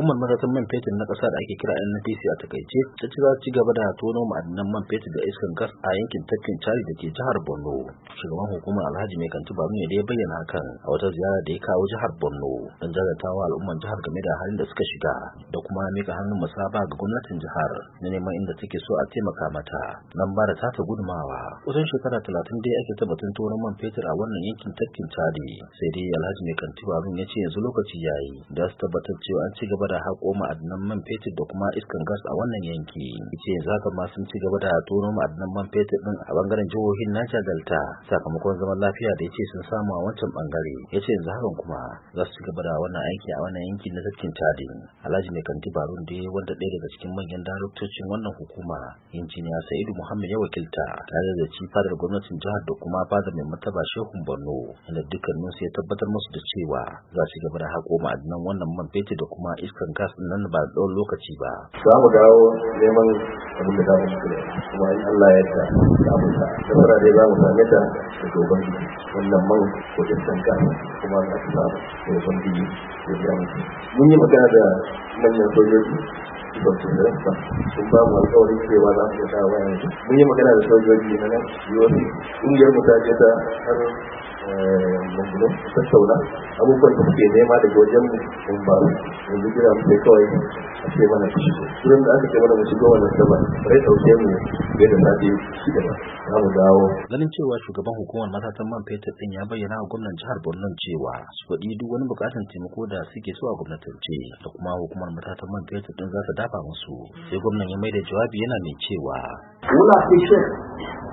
hukumar matasan man fetur na ƙasa da ake kira NNPC a takaice ta ci za ci gaba da tono ma'adinan man fetur da iskan gas a yankin tafkin cari da ke jihar Borno. Shugaban hukumar Alhaji Mai Kantu Baru ne da ya bayyana hakan a wata ziyara da ya kawo jihar Borno don jagatawa al'umman jihar game da halin da suka shiga da kuma mika hannun musaba ga gwamnatin jihar na neman inda take so a taimaka mata nan ba da tata gudumawa. Kusan shekara talatin dai ake batun tonon man fetur a wannan yankin tafkin cari sai dai Alhaji Mai Kantu Baru ya ce yanzu lokaci yayi da su tabbatar cewa an ci gaba da haƙo ma'adanan man fetur da kuma iskan gas a wannan yanki ce yanzu haka ma sun ci gaba da tono ma'adanan man fetur din a bangaren jihohin Niger Delta sakamakon zaman lafiya da ya ce sun samu a wancan bangare yace yanzu hakan kuma za su ci gaba da wannan aiki a wannan yanki na tafkin Chadi Alhaji Mai Kanti Barun da wanda ɗaya daga cikin manyan daraktocin wannan hukuma injiniya Sa'idu Muhammad ya wakilta tare da ci fadar gwamnatin jihar da kuma fadar mai martaba Shehun Borno inda dukkaninsu ya tabbatar musu da cewa za su gaba da haƙo ma'adanan wannan man fetur da kuma iska kan gas nan ba ɗan lokaci ba. Za mu dawo neman abin da za mu shi kuma in Allah ya ta za mu ta tabbara dai za mu same ta da dogon jiki wannan man kudin kan kuma za su samu dogon jiki da ya mutu. Mun yi magana da manyan sojoji ba su da rasta sun ba mu alƙawarin cewa za su ta wayan mun yi magana da sojoji na nan yau ƙungiyar mu ta ta har mummunan eh, tattauna abubuwan da suke nema daga wajen in ba yanzu gida mu kawai a ce mana ku shigo turan da aka ce mana mu shigo wannan sama rai dauke mu bai da sati shida ba za mu dawo ganin cewa shugaban hukumar matatan man fetur din ya bayyana a gwamnan jihar Borno cewa su faɗi duk wani bukatan taimako da suke so a gwamnatance da kuma hukumar matatan man fetur din za ta dafa musu sai gwamnan ya mai da jawabi yana mai cewa We'll appreciate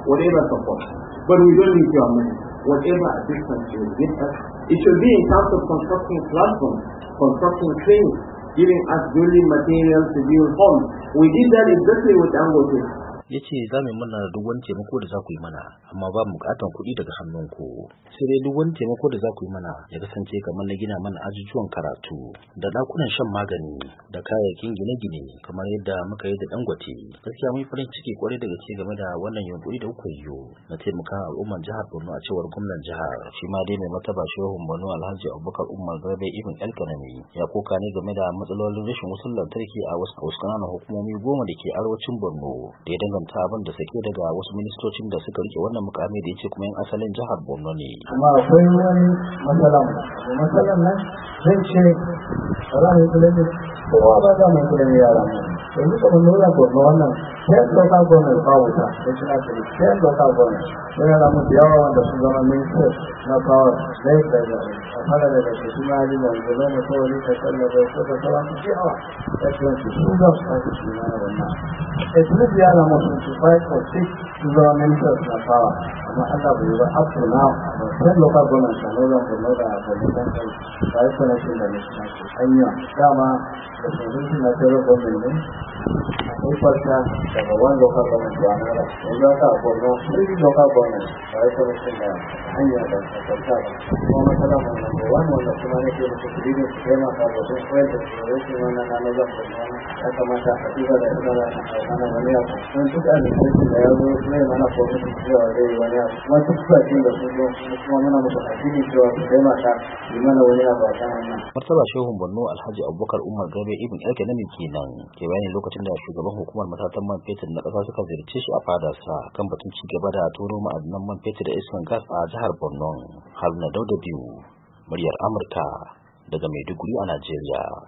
whatever support, but we don't need your money. whatever assistance you give us. It should be in terms of constructing platforms, constructing trains, giving us building materials to build homes. We did that exactly with Angote. ya ce za mu mana duk wani taimako da za ku yi mana amma ba mu bukatan kuɗi daga hannunku sai dai duk wani taimako da za ku yi mana ya kasance kamar na gina mana ajujuwan karatu da ɗakunan shan magani da kayayyakin gine-gine kamar yadda muka yi da dangote gaskiya mun farin ciki kwarai daga gaske game da wannan yunkuri da kuka yi na taimaka al'ummar jihar Borno a cewar gwamnan jihar shi ma dai mai mataba shehun Borno Alhaji Abubakar Umar Garbe Ibn Elkanami ya koka ne game da matsalolin rashin wasu lantarki a wasu kananan hukumomi goma da ke arewacin Borno da ya danganta abin da sake daga wasu ministocin da suka rike wannan mukami da ya ce kuma yan asalin jihar Borno ne. Kuma akwai wani matsalan, matsalan nan zai ce అలాగే పిల్లలు పోవాలగా మేము పిల్లలు ఎందుకంటే నూనెకు నూనె చేతితో కాకుండా కావుతా వచ్చినప్పుడు చేతితో కాకుండా నేను దేవాలంటే సుందరం మీకు నాకు స్నేహితులు అసలు సుమారి విలువైన కోరి ఎటువంటి సూజన్ ఉన్నా ఎటువంటి చేయాలమ్మో five four six Sundaram ministers నాకు కావాలి haka bai ba up to now sai lokacin gwamnati a nuna gwamnati a gwamnati da ya kwanashin da ne hanya dama da shugaban suna tarar wannan ne un parcial, como buen local venezolano, un local bueno, un local bueno, para eso no se me años de esforzado. Como estamos en el cubano, en los humanos que nos escriben su tema, para los encuentros, por eso no han ganado los hermanos, hasta más activa de una de las hermanas maneras. No en tu caso, es que le hago un hermano por su sentido de igualdad. Más tú estás haciendo, es como una mujer aquí, y yo, el tema acá, y no lo voy a abrazar. Martaba Shehun Borno Alhaji Abubakar Umar Gabe Ibn Elkanami kenan ke bayanin lokacin da shugaban hukumar matatan man fetur na kasa suka ziyarce su a fada sa kan batun ci gaba da turo ma'adanan man fetur da iskan gas a jihar Borno. na Dauda biyu, muryar Amurka daga Maiduguri a Najeriya.